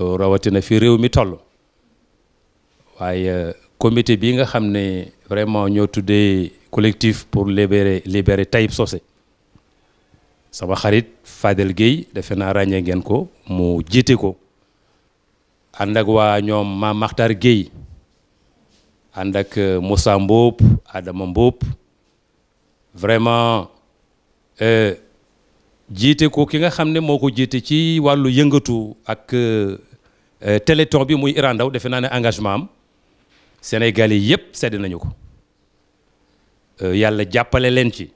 Euh, rawatina fi réew toll waaye euh, comité bi nga xam vraiment ñoo collectif pour libérer libérer Taïb Socé sama xarit Fadel Gueye defe naa ràññee ngeen ko mu jiite ko ànd ak waa ñoom euh, Adama Mbop vraiment jiite ko ki nga xamné moko moo ci walu yëngatu ak euh, euh, téléthon bi muy Iran daw defe naa ne engagement am Sénégalais yépp sedd nañu ko euh, yalla jappalé len ci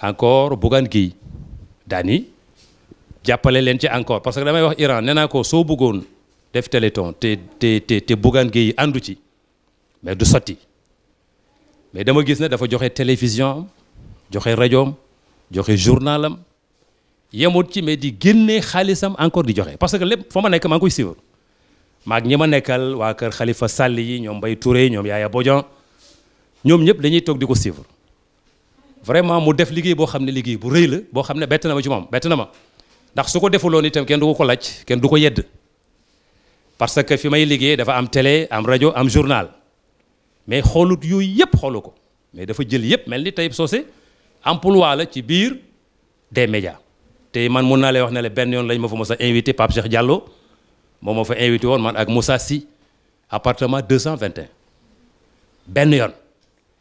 encore bugan ki Dany jappalé len ci encore parce que damay wax Iran nee naa ko soo def téléthon te te te te Bougane Gueye andu ci mais du soti mais dama gis né dafa joxé télévision joxé radio? joxe journalam qui me ci mais di génnee xaalisam encore di joxe parce que les fa ma nekk nekkal wa kër Khalifa Sall yi ñom bay Touré ñom yaaya dañuy vraiment mu def ne bu la ne na ci ndax du ko du parce que fi may liggéey dafa am télé am radio, am journal mais xoolut yooyu yëpp xoolu ko mais dafa jël yëpp emploi la ci biir des médias te man mun naa lay wax ne la benn yoon lañ ma fa mos a invité Pape Cheikh Diallo moom moo fa invité woon man ak Moussa Sy appartement 221 benn yoon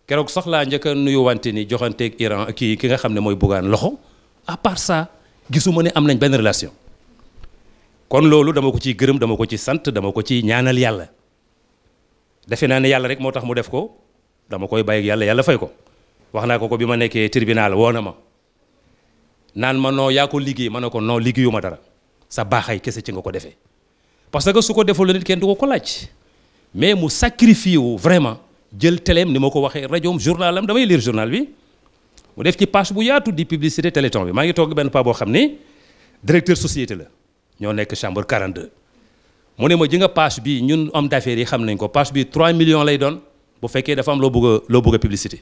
keroog sax laa njëkk a nuyu wante ni joxanteeg Iran kii ki nga xam ne mooy buggaan loxo à part gisuma ne am nañ benn relation. kon loolu dama ko ciy gërëm dama ko ci sant dama ko ci ñaanal yàlla defe naa ne yàlla rek moo tax mu def ko dama koy bàyyi yàlla yàlla fay ko. waxna ko ko bima ma tribunal wonama nan ma no ya ko liggéey ma no ko dara sa baxay kessé ci nga ko défé parce que suko défo le nit ken du ko ko laaj mais mu sacrifié wu vraiment jël teleem ni mako ko radio journalam damay lire journal bi mu def ci page bu yaatu di publicité téléthon bi ma ngi tok ben pa bo xamni directeur société la ño nek chambre 42 mu ne ma ji nga page bi ñun homme d'affaires yi xam nañ ko page bi 3 millions lay don bu fekkee dafa am lo bëgg lo loo bëgg publicité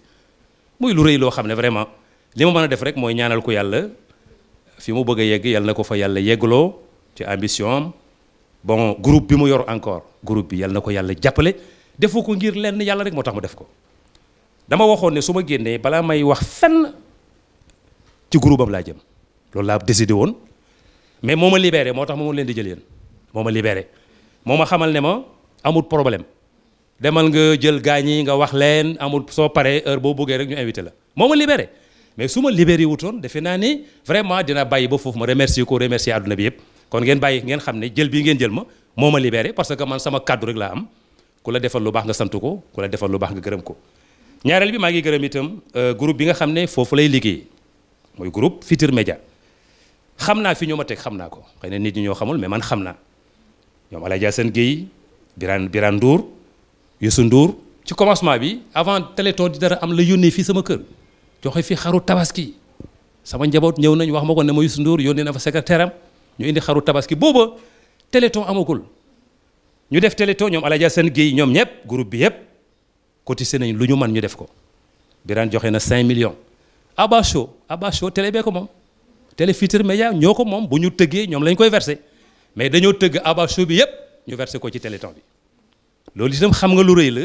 muy lu rëy loo xam ne vraiment li ma mën a def rek mooy ñaanal ko yàlla fi mu bëgg a yegg ko fa ci ambition bon groupe bi mu yor encore groupe bi yàlla na ko yàlla jàppale defu ko ngir lenn yàlla rek moo tax mu def ko dama waxoon ne su ma génnee may wax fenn ci groupe am laa jëm loolu décidé mais moo ma libéré moo tax ma leen di libéré xamal ne amul problème demal nga jël gaañ yi nga wax leen amul soo paree heure boo bëggee rek ñu invité la moo ma libéré mais su ma libéré wutoon defe naa ni vraiment dina bàyyi ba foofu ma remercier ko remercier àdduna bi yëpp kon ngeen bàyyi ngeen xam ne jël bii ngeen jël ma moo ma libéré parce que man sama kàddu rek laa am ku la defal lu baax nga sant ko ku la defal lu baax nga gërëm ko ñaareel bi maa ngi gërëm itam euh, groupe bi nga xam ne foofu lay liggéey mooy groupe Futurs Médias xam naa fi ñu ma teg xam naa ko xëy nit ñi ñoo xamul mais man xam naa ñoom Alaja Sène Guèye Birane Birane Ndour Youssou Ndour ci commencement bi avant téléthon di dara am la yónnee fi sama kër joxe fi xaru tabaski sama njaboot ñew nañ wax mako ne mo Youssou Ndour yónnee na fa secrétaire ñu indi xaru tabaski booba téléthon amagul ñu def téléthon ñom alaja seen géey ñoom ñëpp groupe bi yep cotisé nañ lu ñu man ñu def ko Birane joxe na 5 millions Abacho, Abacho Abba télé bee ko mom. télé Futurs Médias ñoo ko bu ñu tëggee ñom lañ koy verser. mais dañu teug Abacho bi yep ñu verser ko ci téléthon bi loolu itam xam nga lu rëy la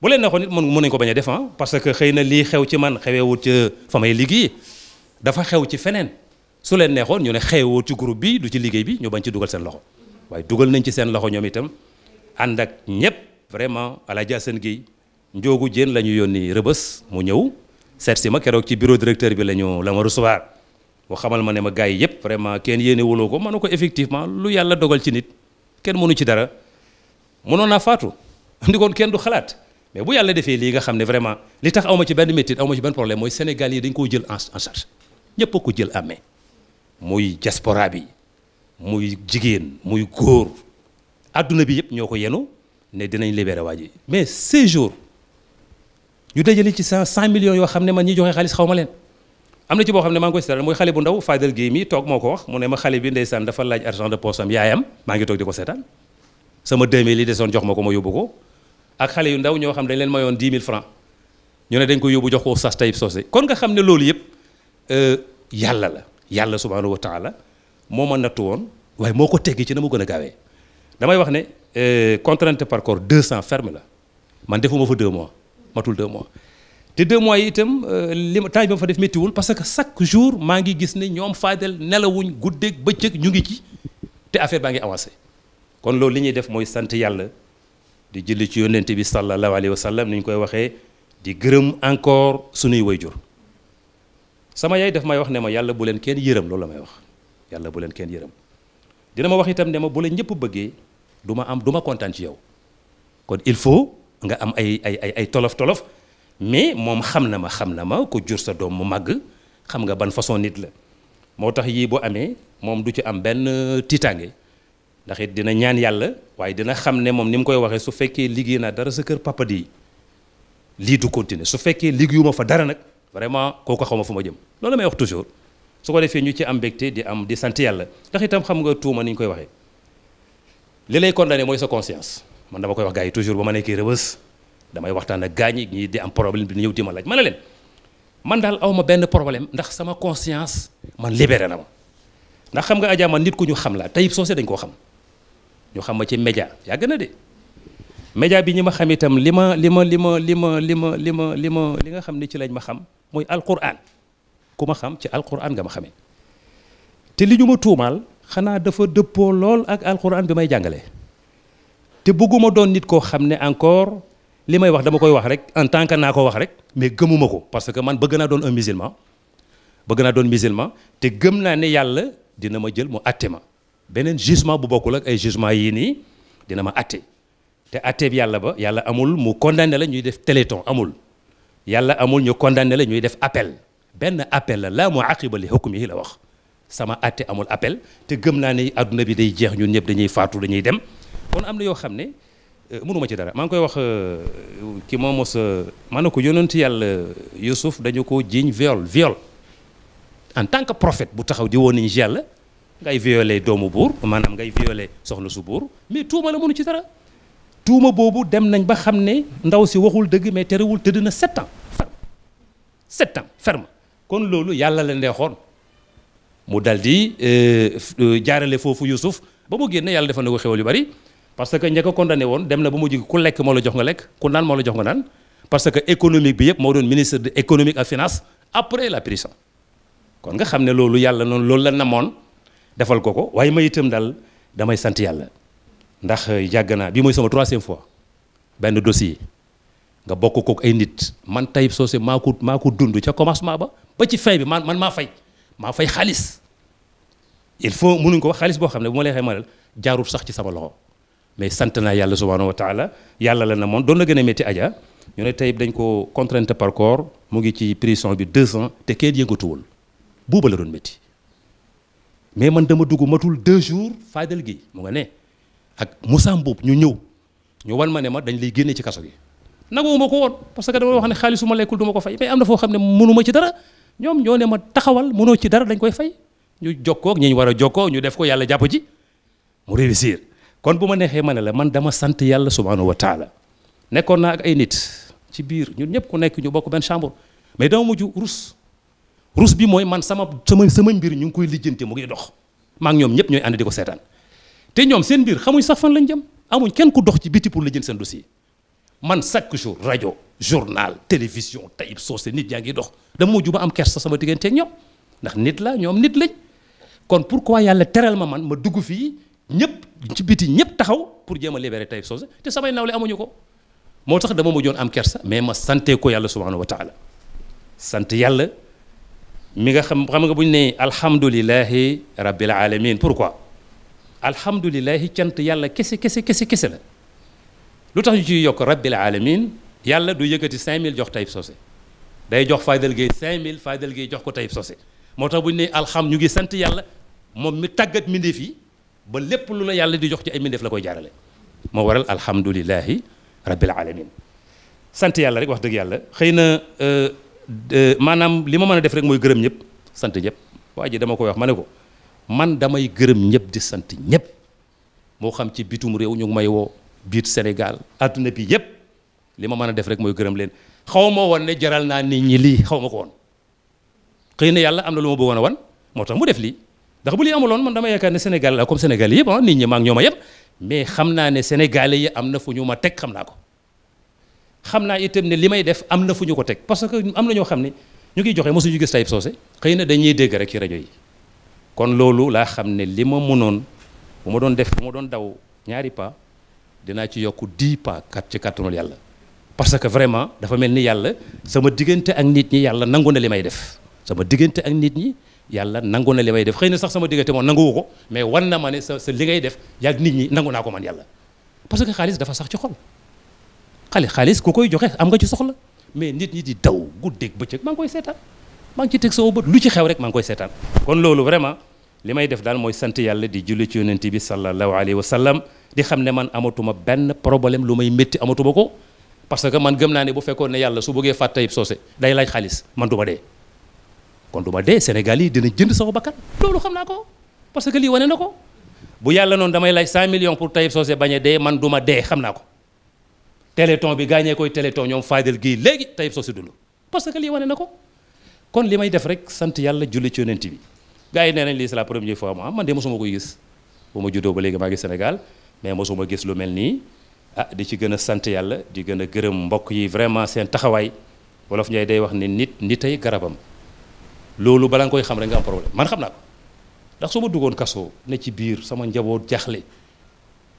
bu leen neexoon nit mën mën nañu ko bañ a def ah, parce que xëy na lii xew ci man xeweewut ca fa may liggéey dafa xew ci feneen su leen neexoon ñu ne xeewut ci groupe bi du ci liggéey bi ñu bañ ci dugal seen loxo waaye dugal nañ ci seen loxo ñoom itam ànd ak ñëpp vraiment Alaaji seen Guèye njoogu jéen la ñu yónni rëbës mu ñëw seet si ma keroog ci bureau directeur bi la ñu la ma recevoir boo xamal ma ne ma gars yi yëpp vraiment kenn ko ma ne ko effectivement lu yàlla dogal ci nit kenn mënu ci dara mënoon faatu ndi kon kenn du mais bu yàlla defee lii nga ne vraiment li tax awma ci benn awma ci problème mooy Sénégal dañ koo jël en charge ñëpp a ko jël amee muy diaspora bi muy jigéen muy góor bi yëpp ñoo ko ne dinañ libéré mais ces jours ñu dajale ci cent cent millions ne man ñi ci ne Fadel wax argent de poche am sama 2000 yi desoon jox ma ko ko ak xale yu ndaw ñoo xam dañ leen mayoon 10 francs ñu ne dañ ko yóbbu jox ko Oustaz Taïb kon nga xam ne loolu yëpp euh, yàlla la yàlla subhanahu wa taala moo ma nattu woon waaye moo ci contrainte par corps 200 ferme la man defuma fa mois matul deux mois mois euh, parce que chaque jour maa ngi gis ne ñoom faadel nelawuñ guddeeg bëccëg ñu ngi ci te affaire kon loolu li ñuy def mooy sant yàlla di julli ci yónnent bi sallallahu alayhi wa sallam ni ñu koy waxee di gërëm encore sunuy wayjur sama yaay daf may wax ne ma yàlla bu leen kenn yërëm loolu la may wax yàlla bu leen kenn yërëm dina ma wax itam ne ma bu la ñëpp bëggee du ma am du ma kontaan ci yow kon il faut nga am ay ay ay ay tolof tolof mais moom xam na ma xam na ma ko jur sa doom mu màgg xam nga ban façon nit la moo tax yii bu amee moom du ci am benn tiitaange ndax it dina ñaan yàlla waaye dina xam ne moom ni mu koy waxee su fekkee liggéey naa dara sa kër papa di lii du continuer su fekkee liggéeyuma fa dara nag vraiment kooku xaw ma fu ma jëm loolu may wax toujours su ko defee ñu ci am mbégte di am di sant yàlla ndax itam xam nga tuuma ni ñu koy waxee li lay condamné mooy sa conscience man dama koy wax gars yi toujours ba ma nekkee rëbës damay waxtaan a gaañ ñi di am problème bi ñëw di ma laaj ma ne leen man daal aw ma benn problème ndax sama conscience man libéré na ma ndax xam nga Adja nit ku ñu xam la tey société dañ koo xam. ñu xam ci média yàgg na de média bi ñi ma xam itam li ma li ma li ma li ma li ma li ma li ma li nga xam ne ci lañ ma xam mooy alquran ku ma xam ci alquran nga ma xamee te li ñu ma tuumaal xanaa dafa dëppoo lool ak alquran bi may jàngale te bëgguma doon nit koo xam ne encore li may wax dama koy wax rek en tant que naa ko wax rek mais gëmuma ko parce que man bëgg naa doon un musulman bëgg naa doon musulman te gëm naa ne yàlla dina ma jël mu àtte ma benen jugement bu bokul ak ay jugement yi ni dina ma até te até bi yàlla ba yàlla amul mu condamné la ñuy def téléthon amul yàlla amul ñu condamné la ñuy def appel ben appel la laa muaqiba li hukmihi la wax sama até amul appel te gëm na ne aduna bi day jeex ñun ñëpp dañuy faatu dañuy dem kon amna yo xamné xam ne mënuma ci dara ma ngi koy wax ki moom mos ma ne yonent yàlla Yusuf dañu ko jiiñ viol viol en tant que prophète bu taxaw di woni niñ yàlla ngay violé doomu buur maanaam ngay violé soxna su buur mais tuuma la mënu ci dara tuuma boobu dem nañ ba xam ne ndaw si waxul dëgg mais terewul tëdd na sept ans ferme sept ans ferme kon loolu yàlla la neexoon mu dal di euh, euh, jaarale foofu Youssouf ba mu génne yàlla defal na ko xewal yu bari parce que ña ko condamné woon dem na ba mu jig ku lekk moo la jox nga lekk ku naan moo la jox nga naan parce que économique bi yëpp moo doon ministre de économique ak finance après la prison kon nga xam ne loolu yàlla noonu loolu la namoon defal ko ko waaye ma itam dal damay sant yàlla ndax yàgg naa bii mooy sama troisième fois benn dossier nga bokk kook ay nit man Taib Socé maa ko maa ko dund ca commencement ba ba ci fin bi man man maa fay maa fay xaalis il faut mënuñ ko wax xaalis boo xam ne bu ma leexee ma ne jaarul sax ci sama loxo mais sant naa yàlla subhanahu wa taala yàlla la na moon doon na gën a métti aja ñu ne Taib dañ ko contrainte par corps mu ngi ci prison bi deux ans te kenn yëngatuwul buuba la doon métti mais man dama dugg matul deux jours Fadel Guèye mu nga ne ak Moussa Mboup ñu ñëw ñu wan ma ne ma dañ lay génne ci kaso gi naguma ko woon parce que dama wax ne xaalis su ma lekkul duma ko fay mais am na foo xam ne mënu ma ci dara ñoom ñoo ne ma taxawal mënoo ci dara dañ koy fay ñu jokkoo kook ñu war a jokkoo ñu def ko yàlla jàpp ci mu réussir kon bu ma neexee ma ne la man dama sant yàlla subhanahu wa taala nekkoon naa ak ay nit ci biir ñun ñëpp ku nekk ñu bokk benn chambre rus bi mooy man sama sama sama mbir ñu ngi koy lijjanti mu ngi dox maak ñoom ñëpp ñooy ànd di ko seetaan te ñoom seen mbir xamuñ sax fan lañ jëm amuñ kenn ku dox ci biti pour lijjanti seen dossier man chaque jour rajo journal télévision tayib soose nit yaa ngi dox dama mujj ba am kersa sama digganteeg ñoom ndax nit la ñoom nit lañ kon pourquoi yàlla teral ma man ma dugg fii ñëpp ci biti ñëpp taxaw pour jéem a libérer tayib soose te samay nawle amuñu ko moo tax dama mujjoon am kersa mais ma sante ko yàlla subhanahu wa taala sant yàlla mi nga xam xam nga bu ñu alhamdulilahi rabbil alamin pourquoi alhamdulilahi cant yàlla kese kese kese kese la lu tax ñu ciy yokk rabbil alamin yàlla du yëkkati 5000 jox Taib Socé day jox Fadel Gueye 5000 Fadel Gueye jox ko Taib Socé moo tax bu ñu alham ñu ngi sant yàlla moom mi tàggat mbindeef yi ba lépp lu la yàlla di jox ci ay mbindeef la koy jaarale moo waral alhamdulilahi rabbil alamin sant yàlla rek wax dëgg yàlla xëy na. maanaam li ma mën a def rek mooy gërëm ñëpp sant ñëpp waa ji dama koy wax ma ne ko man damay gërëm ñëpp di sant ñëpp moo xam ci bitum réew ñu may woo biir Sénégal adduna bi yëpp li ma man a def rek mooy gërëm leen xaw ma woon ne jaral naa nit ñi lii xaw ma ko woon xëy na yàlla am na lu ma bëggoon wan moo tax mu def lii ndax bu lii amuloon man dama yaakaar ne Sénégal la comme Sénégal yëpp ah nit ñi maa ngi ñoo ma mais xam naa ne Sénégalais yi am na fu ñu ma teg xam naa ko xamna naa itam ne li def amna fuñu ko tek parce que am na ñoo xamni ñu ngi joxe mosuñu gis Taib sosé xeyna dañuy dégg rek ci radio yi kon lolu la xam lima mënon ma bu ma doon def bu ma doon daw ñaari pa dina ci yokku 10 pas kat ci kàttanul yàlla parce que vraiment dafa melni yalla sama diggante ak nit ñi yalla nanguna limay def sama diggante ak nit ñi yalla nanguna limay def xeyna sax sama diggante mo nanguwu mais wan na ma ne li ngay def yaag nit ñi nanguna ko man yalla parce que xaliss dafa sax ci xol xale xaalis ku koy joxe am nga ci soxla mais nit ñi di daw guddeeg bëccëg maa ngi koy seetaan maa ngi ci teg sama bët lu ci xew rek maa ngi koy seetaan kon loolu vraiment li may def daal mooy sant yàlla di julli ci yonent bi sallallahu alayhi wa sallam di xam ne man amatuma benn problème lu may métti amatuma ko parce que man gëm naa ne bu fekkoon ne yàlla su bëggee fàtt Tayib Socé day laaj xaalis man du ma dee kon du ma dee Sénégal yi dina jënd sama bakkan loolu xam naa ko parce que lii wane na ko bu yàlla noonu damay laaj 100 millions pour Tayib Socé bañ a dee man du ma dee xam naa ko téléthon bi gaa gaañee koy téléthon ñoom Fadel gii léegi Taïb Socé Doulou parce que lii wane na ko kon li may def rek sant yàlla julli ci yonent bi gaa yi nee nañ lii c'est la première fois mu man de mosuma koy gis bu ma juddoo ba léegi maa ngi Sénégal mais mosuma gis lu mel nii ah di ci gën a sant yàlla di gën a gërëm mbokk yi vraiment seen taxawaay wolof Ndiaye day wax ne nit nitay garabam loolu bala nga koy xam rek nga am problème man xam naa ko ndax ma duggoon kaso ne ci biir sama njaboot jaaxle.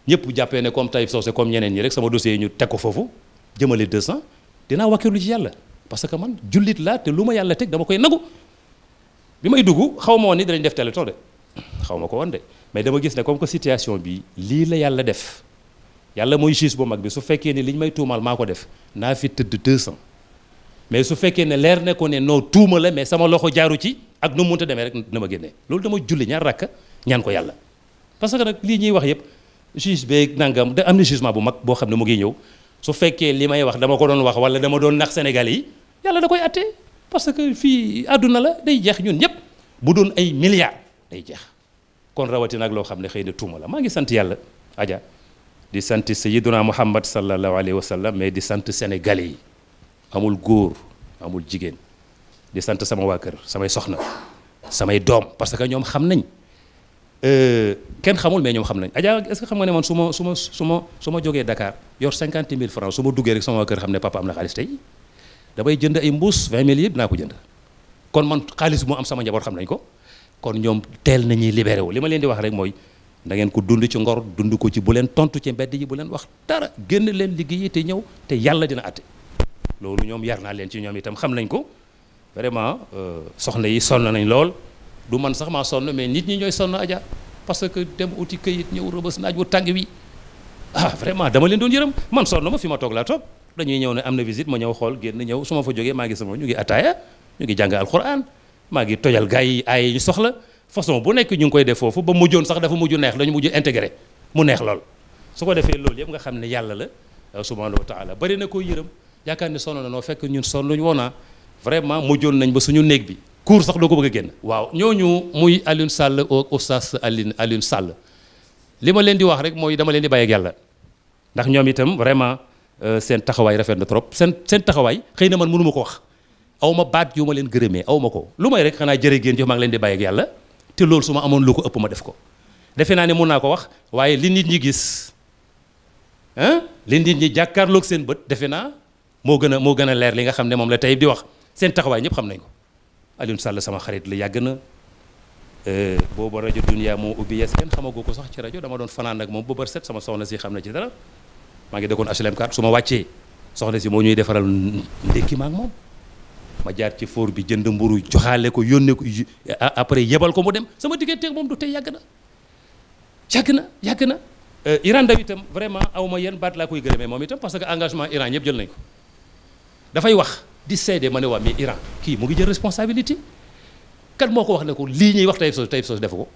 ñëpp jappé ne comme ça, c'est comme ñeneen ñi rek sama dossier ñu fofu 200 dina ci parce que man jullit la té luma ma ték dama koy nagu bi may suis dinañ def de xaw ko de mais dama gis ne comme que situation bi li la def yalla moy juge mag bi su ne liñ may tuumal mako def na fi 200 mais su ne lèr né ko mais sama loxo jaaru ci ak nu rek ko parce que juge beeg nangam da am na jugement bu mag boo xam ne mu ngi ñëw su fekkee li may wax dama ko doon wax wala dama doon nax Sénégalais yi yàlla da koy atte parce que fii àdduna la day jeex ñun ñëpp bu doon ay milliards day jeex kon rawatina ak loo xam ne xëy na tuuma la maa ngi sant yàlla aja di sant sayyiduna muhammad sallallahu alayhi wa sallam mais di sant sénégalais yi amul góor amul jigéen di sant sama waa kër samay soxna samay doom parce que ñoom xam nañ Euh, kenn xamul mais ñoom xam nañ ajaa est-ce xam nga ne man su ma su ma su ma su ma jógee Dakar yor cinquante mille francs su ma duggee rek sama waa kër xam ne papa am na xaalis tey damay jënd ay mbuus vingt mille yëpp naa ko jënd kon man xaalis bu mu am sama njaboot xam nañ ko kon ñoom teel nañuy libéré wu li ma leen di wax rek mooy da ko dund ci ngor dund ko ci bu leen tontu ci mbedd yi bu leen wax dara génn leen liggéeyi te ñëw te yàlla dina àtte loolu ñoom yar naa leen ci ñoom itam xam nañ ko vraiment euh, soxna yi sonn nañ lool du man sax maa sonn mais nit ñi ñooy sonn aja parce que dem uti këyit ñëw rëbës naaj wu tàng wi ah vraiment dama leen doon yërëm man sonn ma fi ma toog laa toog ñëw ne am na visite ma ñëw xool génn ñëw su ma fa jógee maa sama ñu ngi ataaya ñu ngi jàng alquran maa ngi tojal gars yi ay soxla façon bu nekk ñu ngi koy def foofu ba mujjoon sax dafa mujj neex dañu mujj intégré mu neex lool su ko defee loolu yëpp nga xam ne yàlla la euh, subhanahu wa taala bari na koo yërëm yaakaar ne sonn na noo fekk ñun sonn ñu woonaa ah. vraiment mujjoon nañ ba suñu néeg bi cours sax doo ko bëgg a génn waaw ñooñu muy Alioune Sall ak oustaz Alioune Alioune Sall li ma leen di wax rek mooy dama leen di bàyyi ak yàlla ndax ñoom itam vraiment euh, seen taxawaay rafet na trop seen seen taxawaay xëy na man mënu ko wax aw ma baat yu ma leen gërëmee aw ma ko lu may rek xanaa jërë ngeen jox maa leen di bàyyi yàlla te loolu su ma amoon lu ko ëpp ma def ko defe naa ne mun naa ko wax waaye li nit ñi gis ah li nit ñi jàkkaarloog seen defe naa moo gën a moo gën a leer li nga xam ne moom la tey di wax seen taxawaay ñëpp xam nañ ko Alioune Sall sama xarit la yàgg na euh, booba rajo Dunia moo ubbi yes kenn xamagoo ko sax ci rajo dama doon fanaan ak moom ba set sama soxna si xam na ci dara maa ngi dëkkoon HLM 4 su ma wàccee soxna si moo ñuy defaral ndékki ma ak moom ma jaar ci foor bi jënd mburu joxaale ko yónnee ko après yebal ko mu dem sama digganteeg moom du tey yàgg na yàgg na yàgg na euh, Iran daw itam vraiment aw ma yenn baat laa koy gërëmee moom itam parce que engagement Iran ñëpp jël nañ ko di seede ma ne mais Iran kii mo ngi jël responsabilité kan moko wax ne ko lii ñuy wax tay Sose Taïb Sose def ko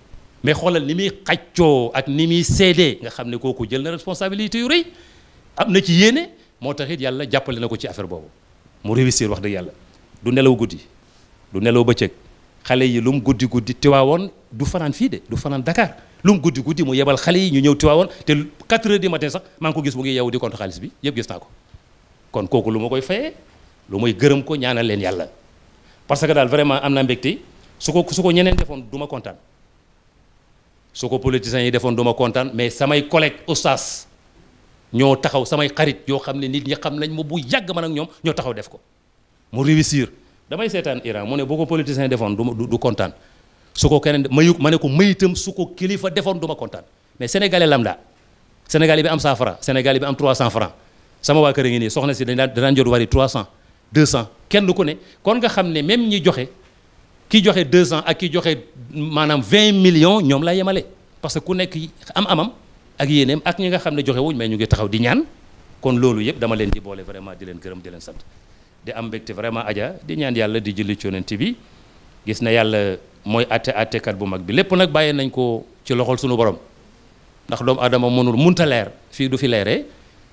mais xolal ni mi xaccio ak ni mi cédé nga xamné koku jël na responsabilité yu reuy am na ci yéné mo taxit yalla jappalé jàppale na ko ci affaire bobu mu réussir wax de yalla du nelaw goudi du nelaw bëccëg xalé yi lum goudi goudi guddi tiwaawoon du fanaan fi de du fanaan Dakar lum goudi goudi mu yebal xalé yi ñu ñëw tiwaawoon té 4 h du matin sax maa ngi ko gis mu ngi yaw di compte xaliss bi yeb gis naa ko kon koku luma koy fayé lu mooy gërëm ko ñaanal leen yàlla parce que daal vraiment am naa mbégte su ko su ko ñeneen defoon du ma kontaan su ko politiciens yi defoon du ma kontaan mais samay collègues oustaz ñoo taxaw samay xarit yoo xam ne nit ñi xam nañ ma bu yàgg man ak ñoom ñoo taxaw def ko mu réussir damay seetaan Iran mu ne boo ko politiciens yi defoon du du kontaan su ko keneen mayu ma ne ko mayitam su ko kilifa defoon du ma kontaan mais sénégalais lambda sénégalais bi am 100 francs sénégalais bi am 300 francs sama waa kër a ngi nii soxna si dañ daan jot wari 300. 200 kenn ko ne kon nga xam ne même ñi joxe ki joxe 200 ak ki joxe maanaam 20 millions ñoom la yemale parce que ku nekk am amam ak yéeneem ak ñi nga xam ne joxe wuñ mais ñu ngi taxaw di ñaan kon loolu yëpp dama leen di boole vraiment di leen gërëm di leen sant di am mbégte vraiment Adja di ñaan yàlla di julli ci yonent bi gis na yàlla mooy àtte kat bu mag bi lépp nag bàyyi nañ ko ci loxol suñu borom ndax doomu adama mënul munta leer fii du fi leeree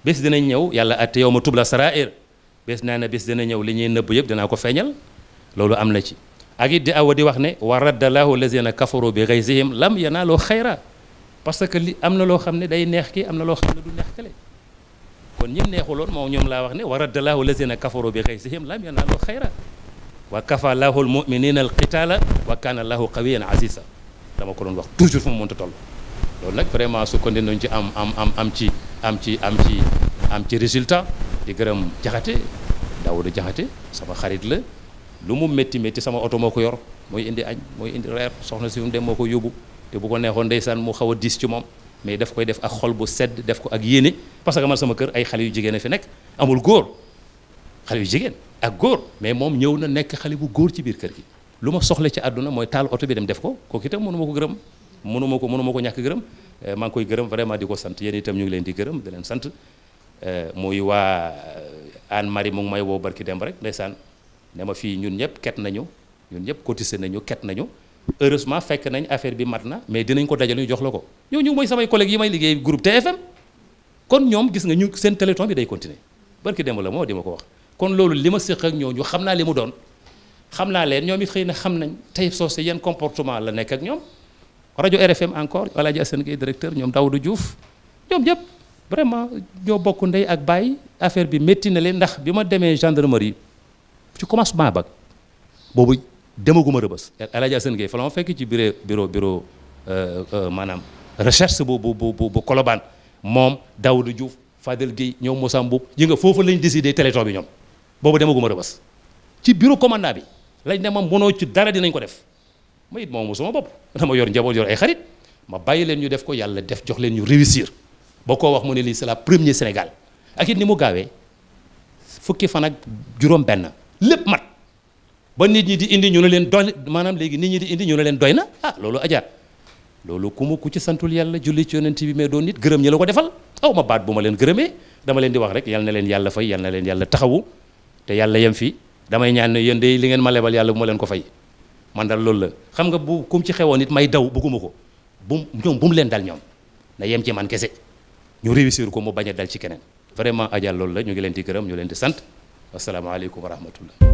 bés dinañ ñëw yàlla àtte yow ma tubla sarair bés naa na bés dana ñëw li ñuy neub yeb dinaa ko feñal lolu amna ci ak di awa di wax ne wa raddalaahu lazina kafaru bi ghayzihim lam yanalu khayra parce que li amna lo xamne day neex ki amna lo xamne du neex kale kon ñim neexuloon mo ñom la wax ne wa raddalaahu lazina kafaru bi ghayzihim lam yanalu khayra wa kafa lahu almuminina alqitala wa kana lahu qawiyan aziza dama ko doon wax toujours fu mu monta toll lolu nak vraiment su ko ndinon ci am am am am ci am ci am ci am ci résultat di gërëm jaxate Daawuda jaxate sama xarit la lu mu métti métti sama oto moo ko yor mooy indi añ mooy indi reer soxna si mu dem moo ko yóbbu te bu ko neexoon ndeysaan mu xaw a diis ci moom mais daf koy def ak xol bu sedd def ko ak yéene parce que man sama kër ay xale yu jigéen a fi nekk amul góor xale yu jigéen ak góor mais moom ñëw na nekk xale bu góor ci biir kër gi lu ma soxla ci àdduna mooy taal oto bi dem def ko kooku itam mënu ma ko gërëm mënu ma ko mënu ma ko ñàkk gërëm eh, maa ngi koy gërëm vraiment di ko sant yéen itam ñu ngi leen di gërëm di leen sant Euh, muy waa euh, Anne Marie mu may woo barki dem rek ndeysaan ne ma fii ñun ñëpp ket nañu ñun ñëpp cotisé nañu ket nañu heureusement fekk nañ affaire bi mat na mais dinañ ko dajale ñu jox la ko ñu mooy samay collègues yi may liggéey groupe TFM kon ñoom gis nga ñu seen téléton bi day continuer barki dem la moo di ma ko wax kon loolu li ma séq ak ñooñu xam naa li mu doon xam naa leen ñoom it xëy na xam nañ Taib Socé yenn comportement la nekk ak ñoom rajo RFM encore El Hadj Assane directeur ñoom Daoudou Diouf ñoom ñëpp vraiment ñoo bokk ndey ak bàyyi affaire bi metti na leen ndax bima ma gendarmerie ci commencement ba boobu demaguma rebeus El Hadj Assane Gueye fa la ma fekk ci bureau bureau bureau euh, euh manam recherche bu bu bu bu Colobane moom Daouda Diouf Fadel Gueye ñoom Moussa Mboub yi nga fofu lañ décidé téléthon bi ñom boobu demaguma rebeus ci bureau commandant bi lañ ne ma mënoo ci dara dinañ ko def mayit mom moom sama bopp dama yor njaboot yor ay xarit ma bàyyi leen ñu def ko yalla def jox leen ñu réussir. boo ko wax mu ne lii c'est la première Sénégal ak it ni mu gaawee fukki fan ak juróom-benn lépp mat ba nit ñi di indi ñu ne leen doy maanaam léegi nit ñi di indi ñu ne leen doy na ah loolu ajaar loolu ku mu ku ci santul yàlla julli ci yonent bi mais doon nit gërëm ñi la ko defal aw ma baat bu ma leen gërëmee dama leen di wax rek yal na leen yàlla fay yal leen yàlla taxawu te yàlla yem fi damay ñaan ne yéen de li ngeen ma lebal yàlla bu ma leen ko fay man dal loolu la xam nga bu kum ci xewoon it may daw bëgguma ko bu ñoom leen dal ñoom na yem ci man kese ñu réussir ko mu bañ dal ci keneen vraiment ajal loolu la ñu ngi leen di gërëm ñu leen di sant asalaamaaleykum wa rahmatullah